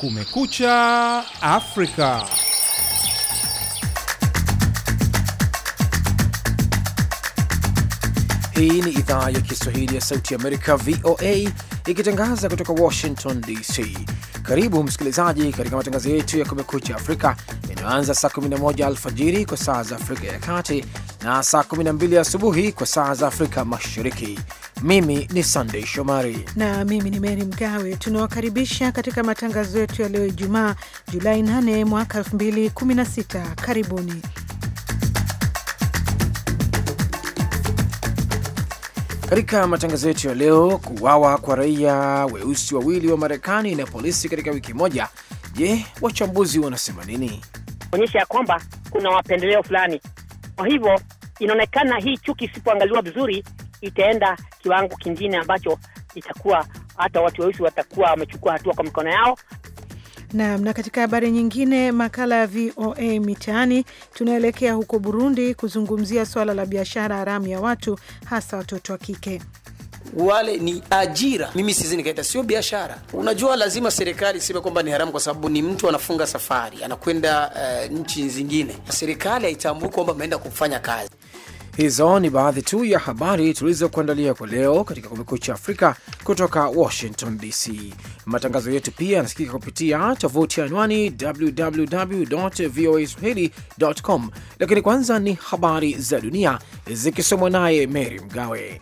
Kumekucha Afrika. Hii ni idhaa ya Kiswahili ya Sauti Amerika, VOA, ikitangaza kutoka Washington DC. Karibu msikilizaji, katika matangazo yetu ya Kumekucha Afrika yanayoanza saa 11 alfajiri kwa saa za Afrika ya Kati na saa 12 asubuhi kwa saa za Afrika Mashariki mimi ni sandey Shomari na mimi ni Mary Mgawe. Tunawakaribisha katika matangazo yetu ya leo Ijumaa, Julai 8 mwaka 2016. Karibuni. Katika matangazo yetu ya leo, kuwawa kwa raia weusi wawili wa Marekani na polisi katika wiki moja. Je, wachambuzi wanasema nini? Onyesha ya kwamba kuna wapendeleo fulani. Kwa hivyo inaonekana hii chuki isipoangaliwa vizuri itaenda kiwango kingine ambacho itakuwa hata watu weusi watakuwa wamechukua hatua kwa mikono yao. Naam. Na katika habari nyingine, makala ya VOA Mitaani, tunaelekea huko Burundi kuzungumzia swala la biashara haramu ya watu, hasa watoto wa kike. Wale ni ajira, mimi sizi nikaita sio biashara. Unajua, lazima serikali iseme kwamba ni haramu, kwa sababu ni mtu anafunga safari anakwenda uh, nchi zingine, serikali haitambui kwamba ameenda kufanya kazi Hizo ni baadhi tu ya habari tulizokuandalia kwa leo katika Kumekucha Afrika kutoka Washington DC. Matangazo yetu pia yanasikika kupitia tovuti ya anwani www voa swahili.com, lakini kwanza ni habari za dunia zikisomwa naye Mary Mgawe.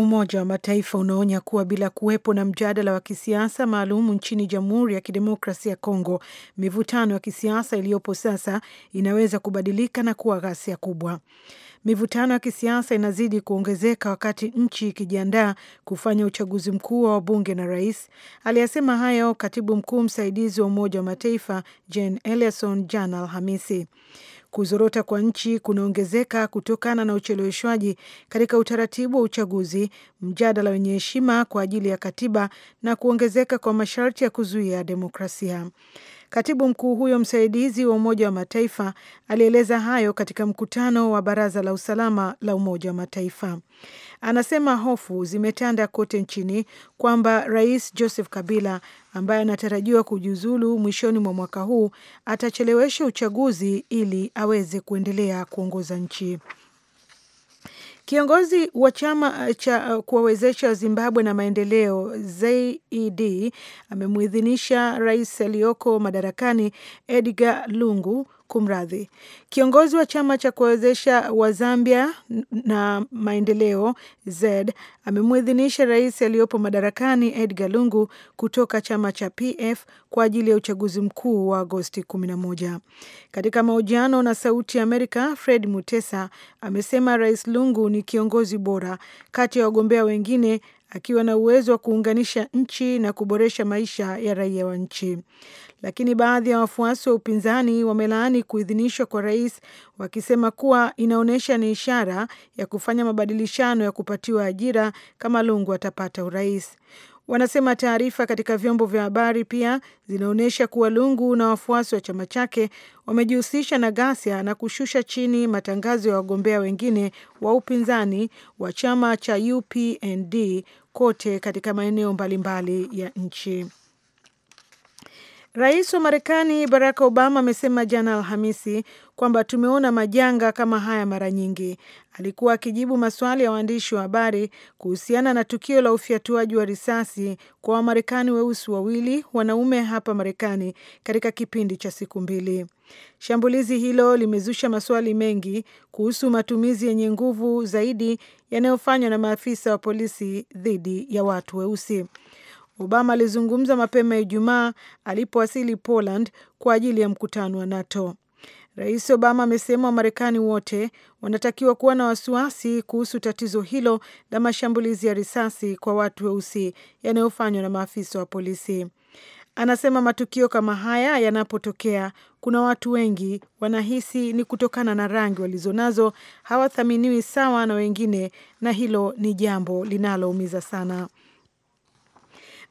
Umoja wa Mataifa unaonya kuwa bila kuwepo na mjadala wa kisiasa maalum nchini Jamhuri ya Kidemokrasia ya Kongo, mivutano ya kisiasa iliyopo sasa inaweza kubadilika na kuwa ghasia kubwa. Mivutano ya kisiasa inazidi kuongezeka wakati nchi ikijiandaa kufanya uchaguzi mkuu wa wabunge na rais. Aliyasema hayo katibu mkuu msaidizi wa Umoja wa Mataifa Jen Ellison jana Alhamisi. Kuzorota kwa nchi kunaongezeka kutokana na ucheleweshwaji katika utaratibu wa uchaguzi, mjadala wenye heshima kwa ajili ya katiba na kuongezeka kwa masharti ya kuzuia demokrasia. Katibu mkuu huyo msaidizi wa Umoja wa Mataifa alieleza hayo katika mkutano wa Baraza la Usalama la Umoja wa Mataifa. Anasema hofu zimetanda kote nchini kwamba Rais Joseph Kabila ambaye anatarajiwa kujiuzulu mwishoni mwa mwaka huu atachelewesha uchaguzi ili aweze kuendelea kuongoza nchi. Kiongozi wa chama eh, cha eh, kuwawezesha Zimbabwe na maendeleo ZED amemwidhinisha rais aliyoko madarakani Edgar Lungu Kumradhi, kiongozi wa chama cha kuwawezesha wa Zambia na maendeleo z amemwidhinisha rais aliyopo madarakani Edgar Lungu kutoka chama cha PF kwa ajili ya uchaguzi mkuu wa Agosti 11. Katika mahojiano na Sauti ya Amerika, Fred Mutesa amesema Rais Lungu ni kiongozi bora kati ya wagombea wengine akiwa na uwezo wa kuunganisha nchi na kuboresha maisha ya raia wa nchi lakini baadhi ya wafuasi wa upinzani wamelaani kuidhinishwa kwa rais, wakisema kuwa inaonyesha ni ishara ya kufanya mabadilishano ya kupatiwa ajira kama Lungu atapata urais. Wanasema taarifa katika vyombo vya habari pia zinaonyesha kuwa Lungu na wafuasi wa chama chake wamejihusisha na ghasia na kushusha chini matangazo ya wagombea wengine wa upinzani wa chama cha UPND kote katika maeneo mbalimbali ya nchi. Rais wa Marekani Barack Obama amesema jana Alhamisi kwamba tumeona majanga kama haya mara nyingi. Alikuwa akijibu maswali ya waandishi wa habari kuhusiana na tukio la ufyatuaji wa risasi kwa Wamarekani weusi wawili wanaume hapa Marekani katika kipindi cha siku mbili. Shambulizi hilo limezusha maswali mengi kuhusu matumizi yenye nguvu zaidi yanayofanywa na maafisa wa polisi dhidi ya watu weusi. Obama alizungumza mapema Ijumaa alipowasili Poland kwa ajili ya mkutano wa NATO. Rais Obama amesema Wamarekani wote wanatakiwa kuwa na wasiwasi kuhusu tatizo hilo la mashambulizi ya risasi kwa watu weusi yanayofanywa na maafisa wa polisi. Anasema matukio kama haya yanapotokea, kuna watu wengi wanahisi ni kutokana na rangi walizonazo, hawathaminiwi sawa na wengine, na hilo ni jambo linaloumiza sana.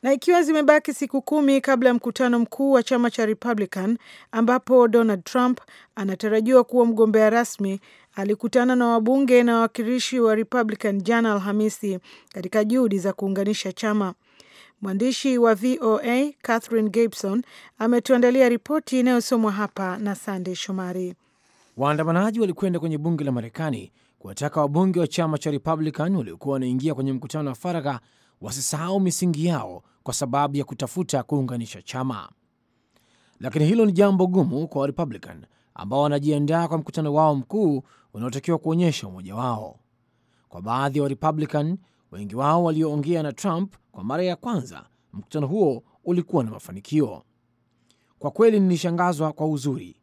Na ikiwa zimebaki siku kumi kabla ya mkutano mkuu wa chama cha Republican ambapo Donald Trump anatarajiwa kuwa mgombea rasmi, alikutana na wabunge na wawakilishi wa Republican jana Alhamisi katika juhudi za kuunganisha chama. Mwandishi wa VOA Catherine Gibson ametuandalia ripoti inayosomwa hapa na Sandey Shomari. Waandamanaji walikwenda kwenye bunge la Marekani kuwataka wabunge wa chama cha Republican waliokuwa wanaingia kwenye mkutano wa faragha wasisahau misingi yao kwa sababu ya kutafuta kuunganisha chama. Lakini hilo ni jambo gumu kwa Warepublican ambao wanajiandaa kwa mkutano wao mkuu unaotakiwa kuonyesha umoja wao. Kwa baadhi ya wa Warepublican, wengi wao walioongea na Trump kwa mara ya kwanza, mkutano huo ulikuwa na mafanikio. Kwa kweli nilishangazwa kwa uzuri,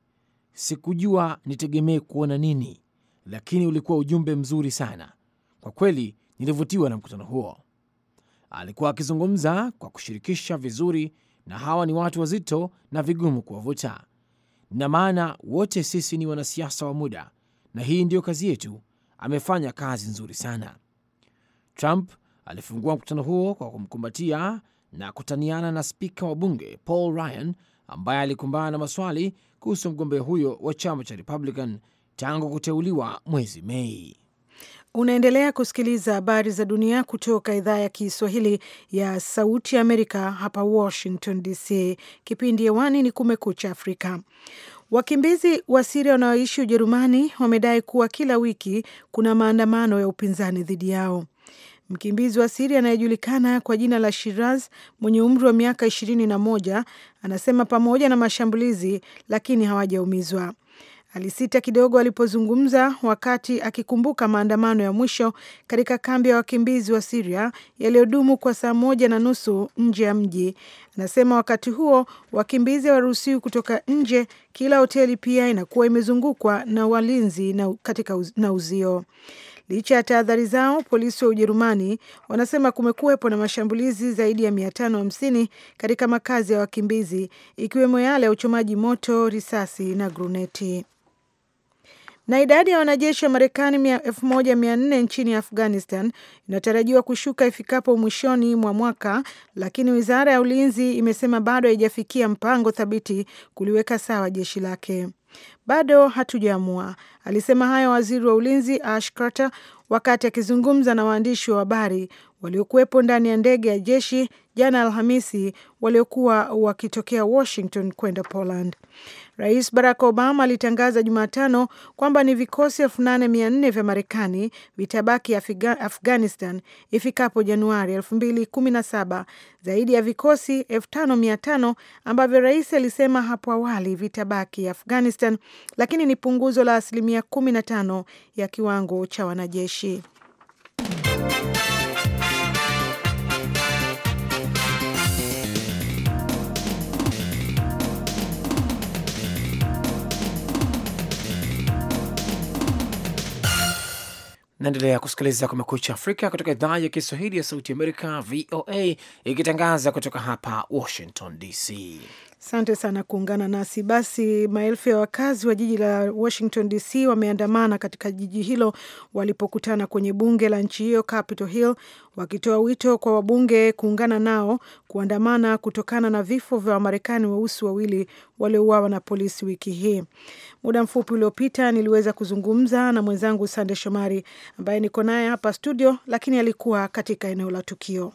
sikujua nitegemee kuona nini, lakini ulikuwa ujumbe mzuri sana. Kwa kweli nilivutiwa na mkutano huo. Alikuwa akizungumza kwa kushirikisha vizuri, na hawa ni watu wazito na vigumu kuwavuta. Ina maana wote sisi ni wanasiasa wa muda, na hii ndiyo kazi yetu. Amefanya kazi nzuri sana. Trump alifungua mkutano huo kwa kumkumbatia na kutaniana na spika wa bunge Paul Ryan ambaye alikumbana na maswali kuhusu mgombea huyo wa chama cha Republican tangu kuteuliwa mwezi Mei. Unaendelea kusikiliza habari za dunia kutoka idhaa ya Kiswahili ya Sauti ya Amerika hapa Washington DC. Kipindi hewani ni Kumekucha Afrika. Wakimbizi wa Siria wanaoishi Ujerumani wamedai kuwa kila wiki kuna maandamano ya upinzani dhidi yao. Mkimbizi wa Siria anayejulikana kwa jina la Shiraz mwenye umri wa miaka ishirini na moja anasema pamoja na mashambulizi, lakini hawajaumizwa. Alisita kidogo alipozungumza wakati akikumbuka maandamano ya mwisho katika kambi ya wakimbizi wa Siria yaliyodumu kwa saa moja na nusu nje ya mji. Anasema wakati huo wakimbizi hawaruhusiwi kutoka nje. Kila hoteli pia inakuwa imezungukwa na walinzi na katika uz, na uzio. Licha ya tahadhari zao, polisi wa Ujerumani wanasema kumekuwepo na mashambulizi zaidi ya hamsini katika makazi ya wakimbizi ikiwemo yale ya uchomaji moto, risasi na gruneti na idadi ya wanajeshi wa Marekani 1400 nchini Afghanistan inatarajiwa kushuka ifikapo mwishoni mwa mwaka, lakini wizara ya ulinzi imesema bado haijafikia mpango thabiti kuliweka sawa jeshi lake. Bado hatujaamua, alisema hayo waziri wa ulinzi Ash Carter wakati akizungumza na waandishi wa habari waliokuwepo ndani ya ndege ya jeshi jana Alhamisi, waliokuwa wakitokea Washington kwenda Poland. Rais Barack Obama alitangaza Jumatano kwamba ni vikosi elfu nane mia nne vya Marekani vitabaki Afghanistan ifikapo Januari elfu mbili kumi na saba, zaidi ya vikosi elfu tano mia tano ambavyo rais alisema hapo awali vitabaki Afghanistan, lakini ni punguzo la asilimia kumi na tano ya kiwango cha wanajeshi. Naendelea kusikiliza Kumekucha Afrika kutoka idhaa ya Kiswahili ya Sauti Amerika, VOA, ikitangaza kutoka hapa Washington DC. Asante sana kuungana nasi. Basi maelfu ya wakazi wa jiji la Washington DC wameandamana katika jiji hilo walipokutana kwenye bunge la nchi hiyo Capitol Hill, wakitoa wito kwa wabunge kuungana nao kuandamana kutokana na vifo vya Wamarekani weusi wawili waliouawa na polisi wiki hii. Muda mfupi uliopita niliweza kuzungumza na mwenzangu Sande Shomari ambaye niko naye hapa studio, lakini alikuwa katika eneo la tukio.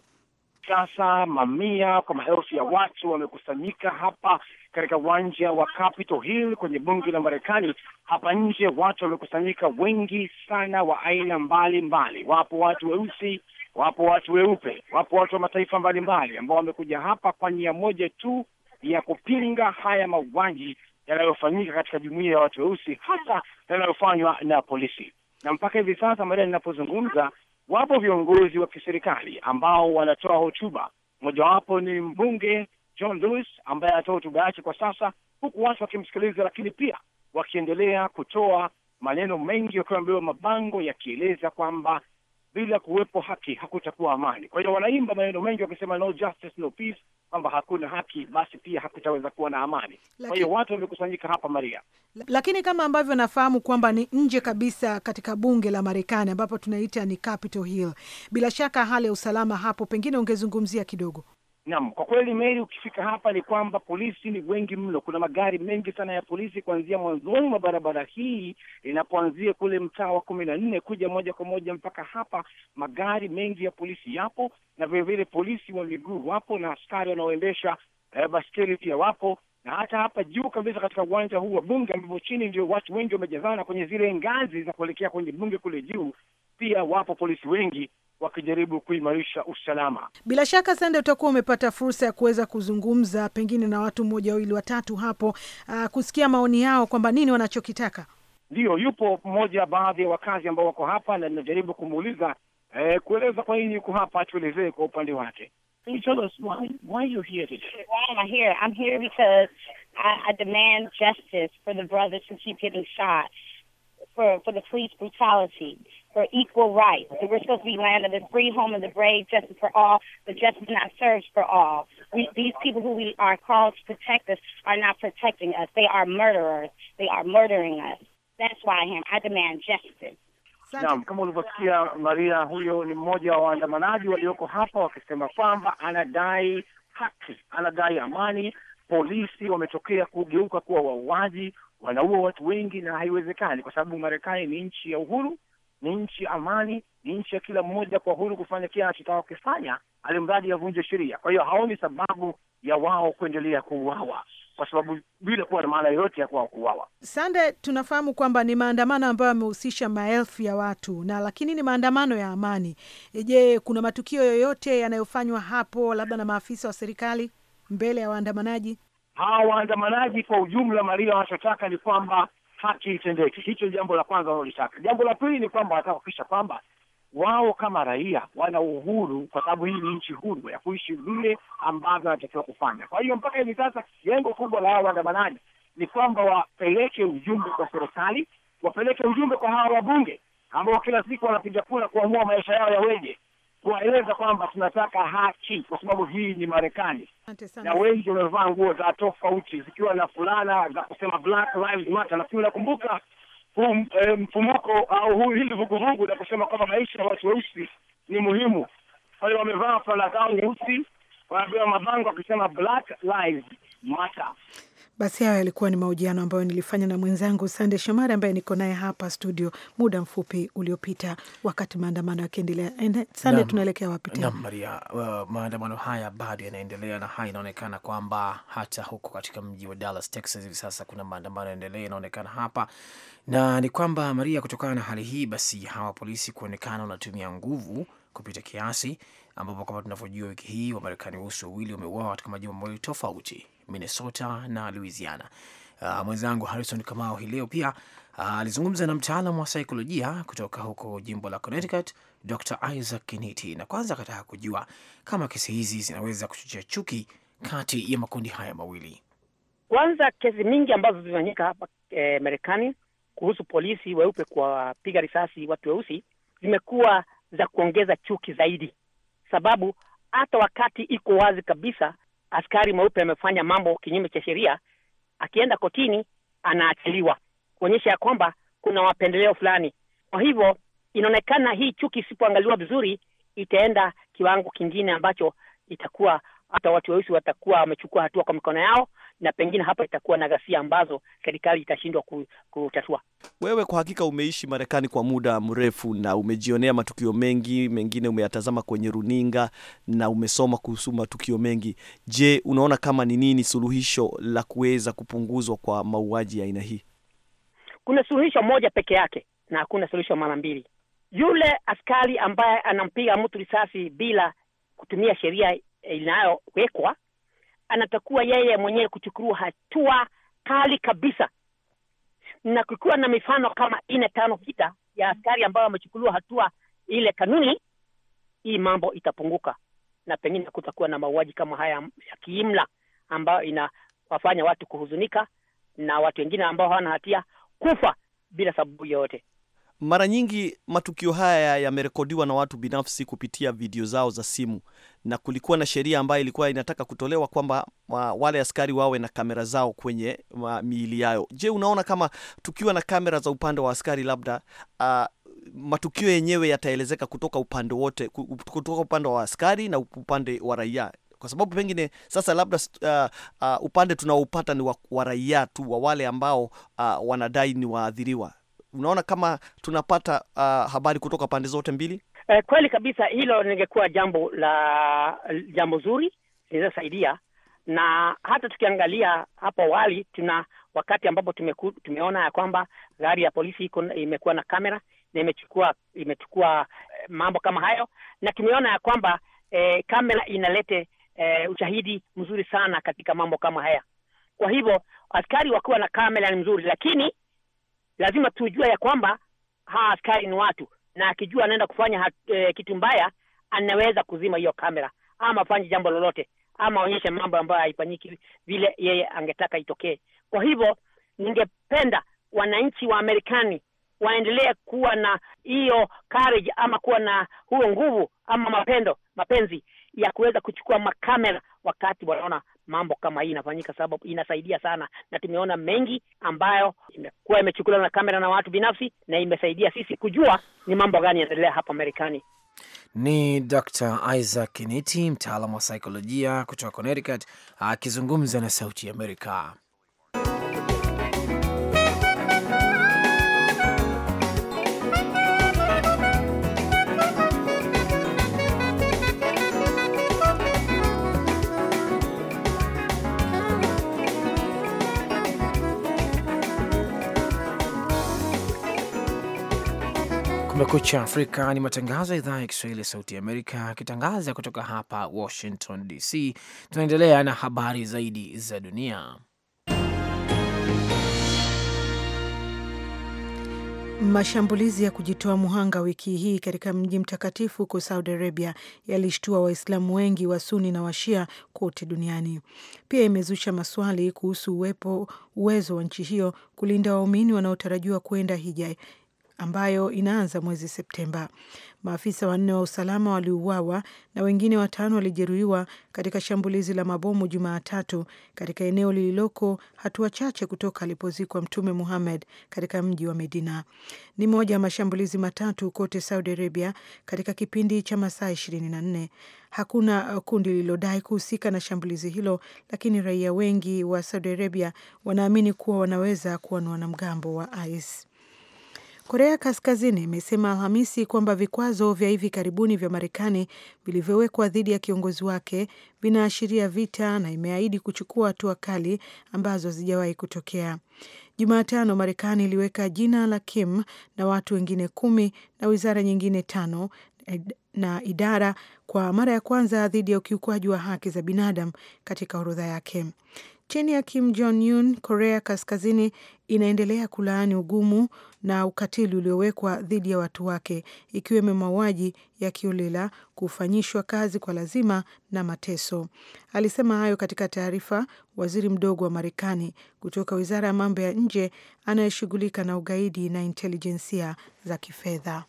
Sasa mamia kwa maelfu ya watu wamekusanyika hapa katika uwanja wa Capitol Hill kwenye bunge la Marekani. Hapa nje watu wamekusanyika wengi sana wa aina mbalimbali, wapo watu weusi, wapo watu weupe, wapo watu wa mataifa mbalimbali ambao wamekuja hapa kwa nia moja tu ya kupinga haya mauaji yanayofanyika katika jumuiya ya watu weusi, hasa yanayofanywa na polisi. Na mpaka hivi sasa Maria, ninapozungumza wapo viongozi wa kiserikali ambao wanatoa hotuba. Mojawapo ni mbunge John Lewis ambaye anatoa hotuba yake kwa sasa, huku watu wakimsikiliza, lakini pia wakiendelea kutoa maneno mengi wakiwa wamebeba mabango yakieleza kwamba bila kuwepo haki hakutakuwa amani. Kwa hiyo wanaimba maneno mengi wakisema no justice, no peace, kwamba hakuna haki, basi pia hakutaweza kuwa na amani. Kwa hiyo watu wamekusanyika hapa Maria, lakini kama ambavyo nafahamu kwamba ni nje kabisa katika bunge la Marekani ambapo tunaita ni Capitol Hill. Bila shaka hali ya usalama hapo, pengine ungezungumzia kidogo. Naam, kwa kweli Meri, ukifika hapa ni kwamba polisi ni wengi mno. Kuna magari mengi sana ya polisi kuanzia mwanzoni mwa barabara hii inapoanzia kule mtaa wa kumi na nne kuja moja kwa moja mpaka hapa. Magari mengi ya polisi yapo, na vilevile polisi wa miguu wapo, na askari wanaoendesha eh, baskeli pia wapo, na hata hapa juu kabisa katika uwanja huu wa Bunge ambapo chini ndio watu wengi wamejazana kwenye zile ngazi za kuelekea kwenye Bunge kule juu, pia wapo polisi wengi wakijaribu kuimarisha usalama. Bila shaka, Sande, utakuwa umepata fursa ya kuweza kuzungumza pengine na watu mmoja wawili watatu hapo, uh, kusikia maoni yao kwamba nini wanachokitaka. Ndiyo, yupo mmoja baadhi ya wakazi ambao wako hapa na inajaribu kumuuliza eh, kueleza kwa nini yuko hapa, atuelezee kwa upande wake. I demand justice for the brothers who keep getting shot. for, for the police brutality, for equal rights. we're supposed to be land of the free, home of the brave, justice for all, but justice not served for all. We, these people who we are called to protect us are not protecting us. They are murderers. They are murdering us. That's why I am. I demand justice. Naam, kama ulivyosikia Maria, huyo ni mmoja wa waandamanaji walioko hapa wakisema kwamba anadai haki, anadai amani polisi wametokea kugeuka kuwa wauaji, wanaua watu wengi, na haiwezekani kwa sababu Marekani ni nchi ya uhuru, ni nchi ya amani, ni nchi ya kila mmoja kwa uhuru kufanya kile anachotaka kukifanya, alimradi avunje sheria. Kwa hiyo haoni sababu ya wao kuendelea kuuawa kwa sababu bila kuwa na maana yoyote ya kwao kuuawa. Sande, tunafahamu kwamba ni maandamano ambayo yamehusisha maelfu ya watu na lakini ni maandamano ya amani. Je, kuna matukio yoyote yanayofanywa hapo labda na maafisa wa serikali? mbele ya waandamanaji hawa? Waandamanaji kwa ujumla, Maria, wanachotaka ni kwamba haki itendeke. Hicho jambo la kwanza wanaolitaka Jambo la pili ni kwamba wanataka kuhakikisha kwamba wao kama raia wana uhuru, kwa sababu hii ni nchi huru ya kuishi vile ambavyo wanatakiwa kufanya. Kwa hiyo mpaka hivi sasa lengo kubwa la hawa waandamanaji ni kwamba wapeleke ujumbe kwa serikali, wapeleke ujumbe kwa hawa wabunge ambao kila siku wanapiga kura kuamua maisha yao yaweje kuwaeleza kwamba tunataka haki, kwa sababu hii ni Marekani na wengi wamevaa nguo za tofauti zikiwa na fulana za kusema Black Lives Matter. unakumbuka huu eh, mfumuko au huu hili vuguvugu la kusema kwamba maisha ya watu weusi ni muhimu. Kwa hiyo wamevaa fulana zao nyeusi, wanabeba mabango akisema Black Lives Matter. Basi hayo yalikuwa ni mahojiano ambayo nilifanya na mwenzangu Sande Shomari ambaye niko naye hapa studio muda mfupi uliopita, wakati maandamano yakiendelea. Sande, tunaelekea wapi tena? Maria, uh, maandamano haya bado yanaendelea na haya inaonekana kwamba hata huko katika mji wa Dallas, Texas hivi sasa kuna maandamano yanaendelea, inaonekana hapa na ni kwamba Maria, kutokana na hali hii, basi hawa polisi kuonekana wanatumia nguvu kupita kiasi, ambapo kama tunavyojua wiki hii Wamarekani weusi wawili wameuawa katika majimbo mawili tofauti. Minnesota na Louisiana. Uh, mwenzangu Harrison Kamao hii leo pia ah, alizungumza uh, na mtaalamu wa saikolojia kutoka huko jimbo la Connecticut, Dr. Isaac Kiniti, na kwanza akataka kujua kama kesi hizi zinaweza kuchochea chuki kati ya makundi haya mawili. Kwanza, kesi mingi ambazo zimefanyika hapa e, Marekani kuhusu polisi weupe kuwapiga risasi watu weusi zimekuwa za kuongeza chuki zaidi, sababu hata wakati iko wazi kabisa askari mweupe amefanya mambo kinyume cha sheria, akienda kotini anaachiliwa, kuonyesha ya kwamba kuna wapendeleo fulani. Kwa hivyo inaonekana hii chuki isipoangaliwa vizuri, itaenda kiwango kingine ambacho itakuwa hata watu weusi watakuwa wamechukua hatua kwa mikono yao na pengine hapa itakuwa na ghasia ambazo serikali itashindwa kutatua. Wewe kwa hakika umeishi Marekani kwa muda mrefu na umejionea matukio mengi, mengine umeyatazama kwenye runinga na umesoma kuhusu matukio mengi. Je, unaona kama ni nini suluhisho la kuweza kupunguzwa kwa mauaji ya aina hii? Kuna suluhisho moja peke yake na hakuna suluhisho mara mbili. Yule askari ambaye anampiga mtu risasi bila kutumia sheria inayowekwa anatakuwa yeye mwenyewe kuchukua hatua kali kabisa, na kukiwa na mifano kama nne tano sita ya askari ambayo wamechukuliwa hatua ile kanuni hii, mambo itapunguka na pengine kutakuwa na mauaji kama haya ya kiimla ambayo inawafanya watu kuhuzunika na watu wengine ambao hawana hatia kufa bila sababu yoyote. Mara nyingi matukio haya yamerekodiwa na watu binafsi kupitia video zao za simu, na kulikuwa na sheria ambayo ilikuwa inataka kutolewa kwamba wale askari wawe na kamera zao kwenye miili yao. Je, unaona kama tukiwa na kamera za upande wa askari labda uh, matukio yenyewe yataelezeka kutoka upande wote, kutoka upande wa askari na upande wa raia, kwa sababu pengine sasa labda uh, uh, upande tunaoupata ni wa raia tu, wa wale ambao uh, wanadai ni waathiriwa unaona kama tunapata uh, habari kutoka pande zote mbili? Eh, kweli kabisa, hilo lingekuwa jambo la jambo zuri linazosaidia na hata tukiangalia hapo awali, tuna wakati ambapo tumeku, tumeona ya kwamba gari ya polisi imekuwa na kamera na imechukua imechukua eh, mambo kama hayo, na tumeona ya kwamba eh, kamera inalete eh, ushahidi mzuri sana katika mambo kama haya. Kwa hivyo askari wakiwa na kamera ni mzuri, lakini lazima tujue ya kwamba hawa askari ni watu, na akijua anaenda kufanya hat, e, kitu mbaya, anaweza kuzima hiyo kamera ama afanye jambo lolote ama aonyeshe mambo ambayo haifanyiki vile yeye angetaka itokee. Kwa hivyo ningependa wananchi wa Marekani waendelee kuwa na hiyo courage ama kuwa na huo nguvu ama mapendo mapenzi ya kuweza kuchukua makamera wakati wanaona mambo kama hii inafanyika, sababu inasaidia sana, na tumeona mengi ambayo imekuwa imechukuliwa na kamera na watu binafsi, na imesaidia sisi kujua ni mambo gani yanaendelea hapa Marekani. Ni Dr. Isaac Kiniti, mtaalamu wa saikolojia kutoka Connecticut akizungumza na Sauti Amerika. Kumekucha Afrika ni matangazo ya idhaa ya Kiswahili ya Sauti Amerika akitangaza kutoka hapa Washington DC. Tunaendelea na habari zaidi za dunia. Mashambulizi ya kujitoa muhanga wiki hii katika mji mtakatifu huko Saudi Arabia yalishtua Waislamu wengi wa Suni na Washia kote duniani. Pia imezusha maswali kuhusu uwepo uwezo wa nchi hiyo kulinda waumini wanaotarajiwa kwenda hija ambayo inaanza mwezi Septemba. Maafisa wanne wa usalama waliuawa na wengine watano walijeruhiwa katika shambulizi la mabomu Jumatatu katika eneo lililoko hatua chache kutoka alipozikwa Mtume Muhammad katika mji wa Medina. Ni moja ya mashambulizi matatu kote Saudi Arabia katika kipindi cha masaa nne. Hakuna uh, kundi lililodai kuhusika na shambulizi hilo, lakini raia wengi wa Saudi Arabia wanaamini kuwa wanaweza kuwa na wanamgambo wa IS. Korea Kaskazini imesema Alhamisi kwamba vikwazo vya hivi karibuni vya Marekani vilivyowekwa dhidi ya kiongozi wake vinaashiria vita na imeahidi kuchukua hatua kali ambazo hazijawahi kutokea. Jumatano, Marekani iliweka jina la Kim na watu wengine kumi na wizara nyingine tano na idara kwa mara ya kwanza dhidi ya ukiukwaji wa haki za binadamu katika orodha yake chini ya Kim Jong Un, Korea Kaskazini inaendelea kulaani ugumu na ukatili uliowekwa dhidi ya watu wake, ikiwemo mauaji ya kiolela, kufanyishwa kazi kwa lazima na mateso. Alisema hayo katika taarifa waziri mdogo wa Marekani kutoka wizara ya mambo ya nje anayeshughulika na ugaidi na intelijensia za kifedha.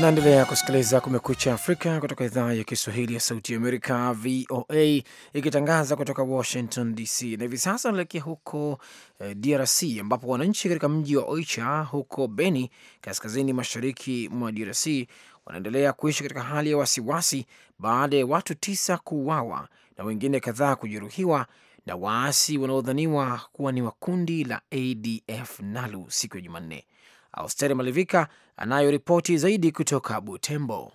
Naendelea kusikiliza Kumekucha Afrika kutoka idhaa ya Kiswahili ya Sauti ya Amerika, VOA, ikitangaza kutoka Washington DC. Na hivi sasa naelekea huko eh, DRC ambapo wananchi katika mji wa Oicha huko Beni, kaskazini mashariki mwa DRC, wanaendelea kuishi katika hali ya wasiwasi baada ya watu tisa kuuawa na wengine kadhaa kujeruhiwa na waasi wanaodhaniwa kuwa ni wakundi la ADF NALU siku ya Jumanne. Austeri Malivika anayo ripoti zaidi kutoka Butembo.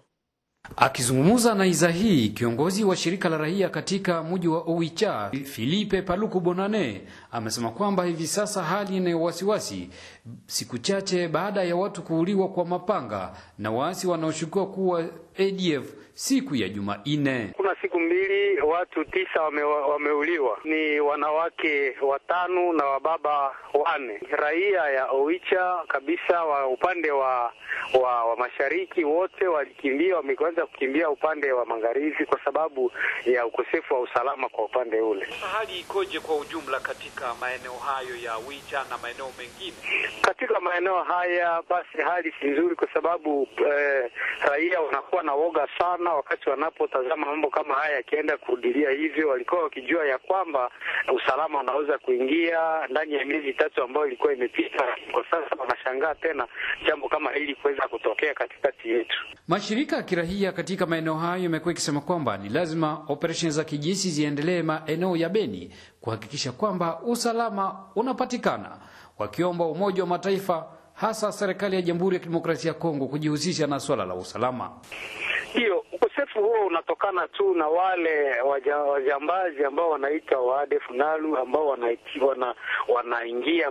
Akizungumza na iza hii, kiongozi wa shirika la raia katika mji wa Oicha, Filipe Paluku Bonane, amesema kwamba hivi sasa hali ni wasiwasi, siku chache baada ya watu kuuliwa kwa mapanga na waasi wanaoshukiwa kuwa ADF siku ya Jumanne. Kuna siku mbili watu tisa wame, wameuliwa ni wanawake watano na wababa wane, raia ya Oicha kabisa wa upande wa, wa, wa mashariki wote walikimbia, wameanza kukimbia upande wa magharibi kwa sababu ya ukosefu wa usalama kwa upande ule. Hali ikoje kwa ujumla katika maeneo hayo ya Oicha na maeneo mengine? Katika maeneo haya basi hali si nzuri kwa sababu eh, raia wanakuwa na woga sana wanaona wakati wanapotazama mambo kama haya yakienda kurudilia hivyo, walikuwa wakijua ya kwamba usalama unaweza kuingia ndani ya miezi tatu ambayo ilikuwa imepita. Kwa sasa wanashangaa tena jambo kama hili kuweza kutokea katikati yetu. Mashirika ya kirahia katika maeneo hayo yamekuwa ikisema kwamba ni lazima operesheni za kijeshi ziendelee maeneo ya Beni kuhakikisha kwamba usalama unapatikana, wakiomba Umoja wa Mataifa hasa serikali ya Jamhuri ya Kidemokrasia ya Kongo kujihusisha na swala la usalama. Ndio huo unatokana tu na wale waja, wajambazi ambao wanaita waadef nalu ambao wanaingia wana, wana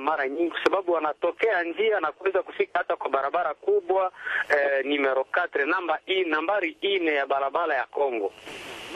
mara nyingi, kwa sababu wanatokea njia na kuweza kufika hata kwa barabara kubwa eh, nimero 4 namba nambari ine ya barabara ya Kongo.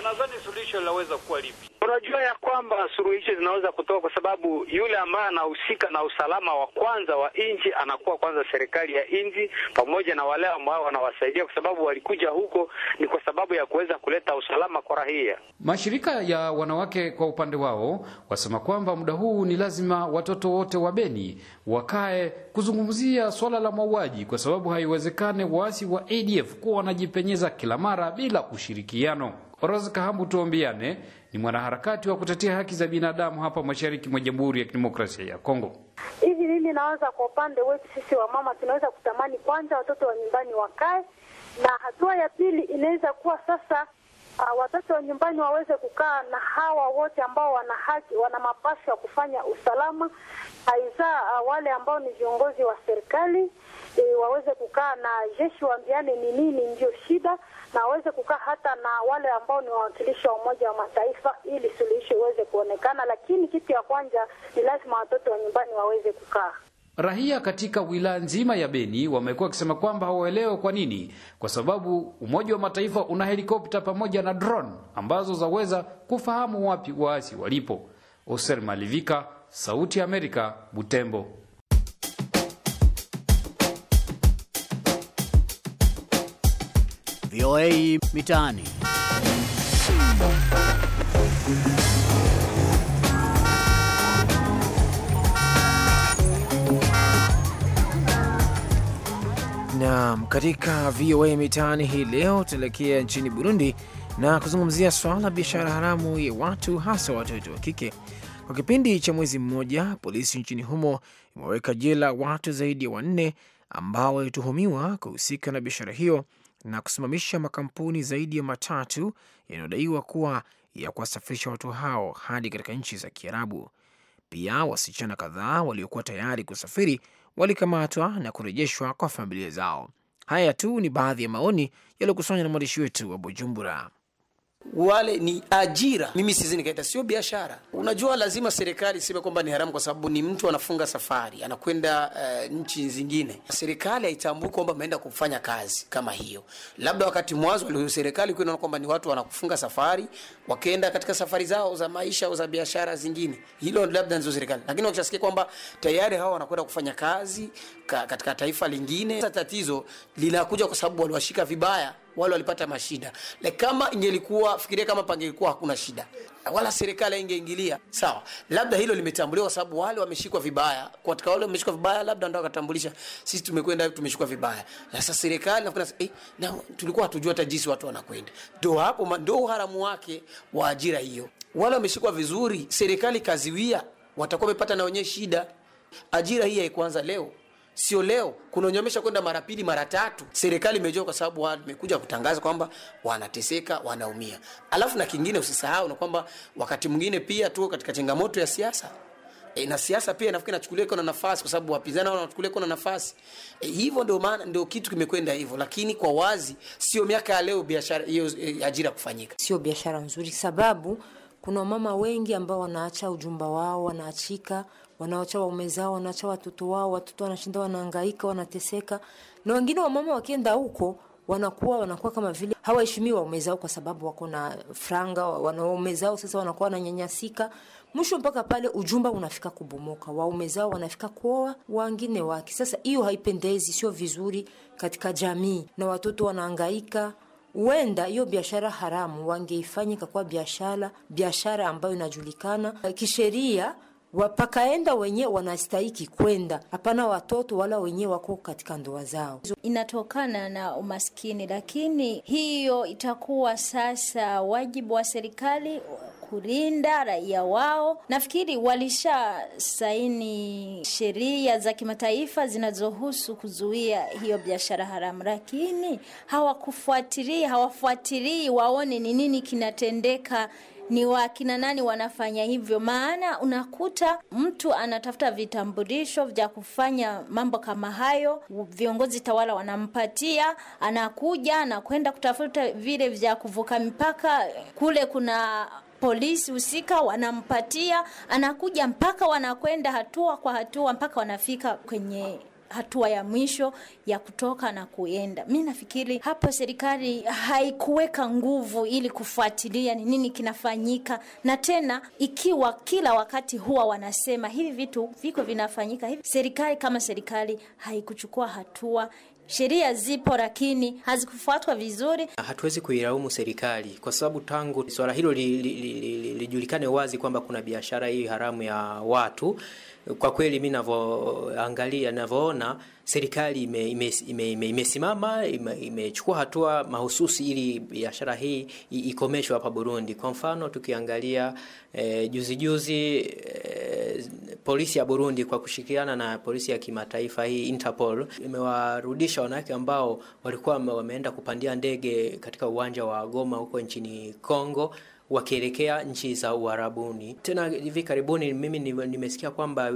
Mnadhani suluhisho linaweza kuwa lipi? Unajua ya kwamba suluhisho zinaweza kutoka, kwa sababu yule ambaye anahusika na usalama wa kwanza wa nchi anakuwa kwanza serikali ya nchi, pamoja na wale ambao wanawasaidia, kwa sababu walikuja huko ni kwa sababu ya kuweza kuleta usalama kwa raia. Mashirika ya wanawake kwa upande wao wasema kwamba muda huu ni lazima watoto wote wa Beni wakae kuzungumzia swala la mauaji, kwa sababu haiwezekane waasi wa ADF kuwa wanajipenyeza kila mara bila ushirikiano. Rose Kahambu, tuombiane ni mwanaharakati wa kutetea haki za binadamu hapa mashariki mwa Jamhuri ya Kidemokrasia ya Kongo. Hivi mimi naweza kwa upande wetu sisi wa mama tunaweza kutamani kwanza watoto wa nyumbani wakae, na hatua ya pili inaweza kuwa sasa uh, watoto wa nyumbani waweze kukaa na hawa wote ambao wana haki, wana mapasho ya kufanya usalama, aidha uh, wale ambao ni viongozi wa serikali E, waweze kukaa na jeshi waambiane ni nini ndio shida, na waweze kukaa hata na wale ambao ni wawakilishi wa Umoja wa Mataifa ili suluhisho iweze kuonekana. Lakini kitu ya kwanza ni lazima watoto wa nyumbani waweze kukaa rahia katika wilaya nzima ya Beni wamekuwa wakisema kwamba hawaelewe kwa nini, kwa sababu Umoja wa Mataifa una helikopta pamoja na drone ambazo zaweza kufahamu wapi waasi walipo. Oser Malivika, Sauti ya Amerika, Butembo. VOA Mitaani. Naam, katika VOA Mitaani hii leo tunaelekea nchini Burundi na kuzungumzia swala la biashara haramu ya watu hasa watoto wa kike. Kwa kipindi cha mwezi mmoja, polisi nchini humo imewaweka jela watu zaidi ya wanne ambao walituhumiwa kuhusika na biashara hiyo na kusimamisha makampuni zaidi ya matatu yanayodaiwa kuwa ya kuwasafirisha watu hao hadi katika nchi za Kiarabu. Pia wasichana kadhaa waliokuwa tayari kusafiri walikamatwa na kurejeshwa kwa familia zao. Haya tu ni baadhi ya maoni yaliyokusanywa na mwandishi wetu wa Bujumbura wale ni ajira, mimi sizi nikaita sio biashara. Unajua, lazima serikali iseme kwamba ni haramu, kwa sababu ni mtu anafunga safari anakwenda uh, nchi zingine. Serikali haitambui kwamba ameenda kufanya kazi kama hiyo. Labda wakati mwanzo serikali kuinaona kwamba ni watu wanakufunga safari, wakaenda katika safari zao za maisha au za biashara zingine, hilo labda ndio serikali. Lakini wakishasikia kwamba tayari hawa wanakwenda kufanya kazi ka, katika taifa lingine, tatizo linakuja kwa sababu waliwashika vibaya wale walipata mashida. Le kama ingelikuwa fikiria, kama pangekuwa hakuna shida wala serikali ingeingilia, sawa, labda hilo limetambuliwa, kwa sababu wale wameshikwa vibaya. Kwa Katika wale wameshikwa vibaya, labda ndio akatambulisha sisi tumekwenda, tumeshikwa vibaya. Sasa serikali nafikiri eh, na tulikuwa hatujua hata jinsi watu wanakwenda. Ndio hapo ndio uharamu wake wa ajira hiyo. Wale wameshikwa vizuri, serikali kaziwia, watakuwa wamepata na wenyewe shida. Ajira hii haikuanza leo sio leo, kunaonyomesha kwenda mara pili mara tatu. Serikali imejua kwa sababu wamekuja kutangaza kwamba wanateseka, wanaumia. Alafu na kingine usisahau na kwamba wakati mwingine pia tuko katika changamoto ya siasa. E, na siasa pia nafikiri inachukuliwa na nafasi kwa sababu wapinzani wao wanachukuliwa na nafasi. E, hivyo ndio maana ndio kitu kimekwenda hivyo, lakini kwa wazi sio miaka ya leo biashara hiyo e, ajira kufanyika. Sio biashara nzuri sababu kuna wamama wengi ambao wanaacha ujumba wao, wanaachika, wanaacha waume zao, wanaacha watoto wao, watoto wanashinda wanaangaika wanateseka. Na wengine wamama wakienda huko wanakuwa wanakuwa kama vile hawaheshimiwi waume zao, kwa sababu wako na franga wanaume zao. Sasa wanakuwa wananyanyasika, mwisho mpaka pale ujumba unafika kubomoka, waume zao wanafika kuoa wangine wake. Sasa hiyo haipendezi, sio vizuri katika jamii, na watoto wanaangaika huenda hiyo biashara haramu wangeifanya ikakuwa biashara biashara ambayo inajulikana kisheria wapakaenda wenye wanastahiki kwenda, hapana watoto wala wenye wako katika ndoa zao. Inatokana na umaskini, lakini hiyo itakuwa sasa wajibu wa serikali kulinda raia wao. Nafikiri walisha saini sheria za kimataifa zinazohusu kuzuia hiyo biashara haramu, lakini hawakufuatilii, hawafuatilii waone ni nini kinatendeka ni wakina nani wanafanya hivyo? Maana unakuta mtu anatafuta vitambulisho vya kufanya mambo kama hayo, viongozi tawala wanampatia, anakuja anakwenda kutafuta vile vya kuvuka mipaka. Kule kuna polisi husika wanampatia, anakuja mpaka wanakwenda hatua kwa hatua mpaka wanafika kwenye hatua ya mwisho ya kutoka na kuenda. Mi nafikiri hapo serikali haikuweka nguvu ili kufuatilia ni nini kinafanyika, na tena ikiwa kila wakati huwa wanasema hivi vitu viko vinafanyika hivi, serikali kama serikali haikuchukua hatua Sheria zipo lakini hazikufuatwa vizuri. Hatuwezi kuilaumu serikali kwa sababu tangu swala hilo lijulikane wazi kwamba kuna biashara hii haramu ya watu, kwa kweli mi ninavyoangalia navyoona serikali imesimama, ime, imechukua ime hatua mahususi ili biashara hii ikomeshwe hapa Burundi. Kwa mfano tukiangalia eh, juzi juzijuzi e, eh, polisi ya Burundi kwa kushirikiana na polisi ya kimataifa hii Interpol imewarudisha wanawake ambao walikuwa wameenda kupandia ndege katika uwanja wa Goma huko nchini Kongo wakielekea nchi za Uarabuni. Tena hivi karibuni mimi nimesikia kwamba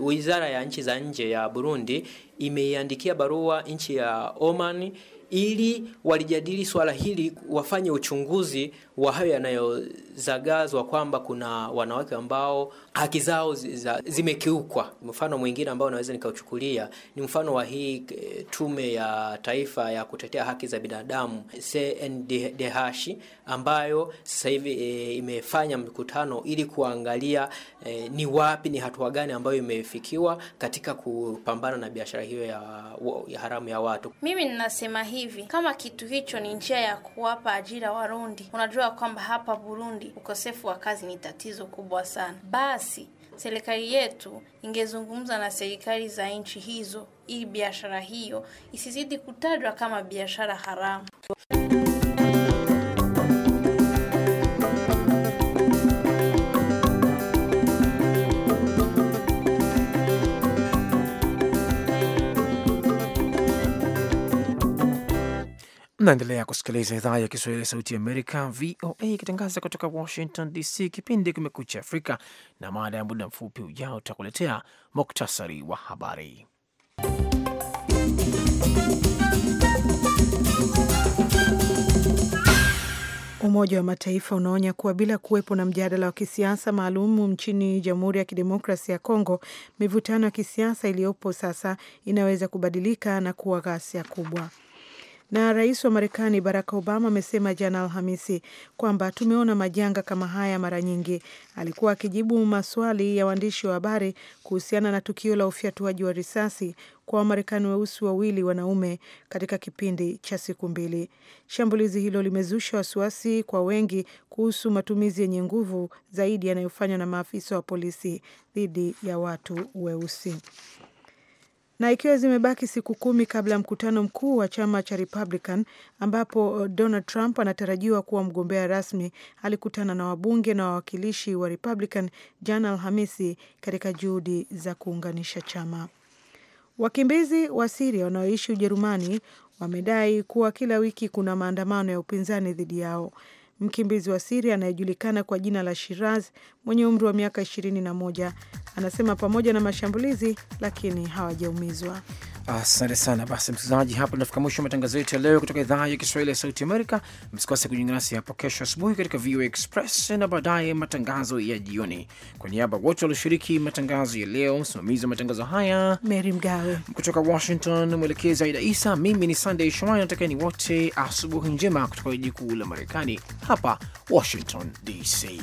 Wizara ya Nchi za Nje ya Burundi imeiandikia barua nchi ya Oman ili walijadili swala hili, wafanye uchunguzi wa hayo yanayozagazwa kwamba kuna wanawake ambao haki zao zimekiukwa. Mfano mwingine ambao naweza nikauchukulia ni mfano wa hii eh, Tume ya Taifa ya Kutetea Haki za Binadamu CNDH, ambayo sasa hivi e, imefanya mkutano ili kuangalia e, ni wapi, ni hatua gani ambayo imefikiwa katika kupambana na biashara hiyo ya, ya haramu ya watu. Mimi ninasema hivi, kama kitu hicho ni njia ya kuwapa ajira Warundi, unajua Tunaelewa kwamba hapa Burundi ukosefu wa kazi ni tatizo kubwa sana. Basi serikali yetu ingezungumza na serikali za nchi hizo ili biashara hiyo isizidi kutajwa kama biashara haramu. Naendelea kusikiliza idhaa ya Kiswahili ya Sauti ya Amerika, VOA, ikitangaza kutoka Washington DC. Kipindi Kumekucha Afrika, na maada ya muda mfupi ujao utakuletea muktasari wa habari. Umoja wa Mataifa unaonya kuwa bila kuwepo na mjadala wa kisiasa maalumu nchini Jamhuri ya Kidemokrasia ya Kongo, mivutano ya kisiasa iliyopo sasa inaweza kubadilika na kuwa ghasia kubwa. Na rais wa Marekani Barack Obama amesema jana Alhamisi kwamba tumeona majanga kama haya mara nyingi. Alikuwa akijibu maswali ya waandishi wa habari kuhusiana na tukio la ufyatuaji wa risasi kwa Wamarekani weusi wawili wanaume katika kipindi cha siku mbili. Shambulizi hilo limezusha wasiwasi kwa wengi kuhusu matumizi yenye nguvu zaidi yanayofanywa na maafisa wa polisi dhidi ya watu weusi na ikiwa zimebaki siku kumi kabla ya mkutano mkuu wa chama cha Republican ambapo uh, Donald Trump anatarajiwa kuwa mgombea rasmi, alikutana na wabunge na wawakilishi wa Republican jana Alhamisi katika juhudi za kuunganisha chama. Wakimbizi wa Siria wanaoishi Ujerumani wamedai kuwa kila wiki kuna maandamano ya upinzani dhidi yao. Mkimbizi wa Siria anayejulikana kwa jina la Shiraz mwenye umri wa miaka 21 anasema pamoja na mashambulizi, lakini hawajaumizwa. Asante sana. Basi msikilizaji, hapo tunafika mwisho matangazo yetu ya leo kutoka idhaa ya Kiswahili ya Sauti Amerika. Msikose kujiunga nasi hapo kesho asubuhi katika VOA Express na baadaye matangazo ya jioni. Kwa niaba wote walioshiriki matangazo ya leo, msimamizi wa matangazo haya Mary Mgawe kutoka Washington, mwelekezi Aida Isa, mimi ni sandey Shomari, natakieni wote asubuhi njema kutoka jiji kuu la Marekani, hapa Washington DC.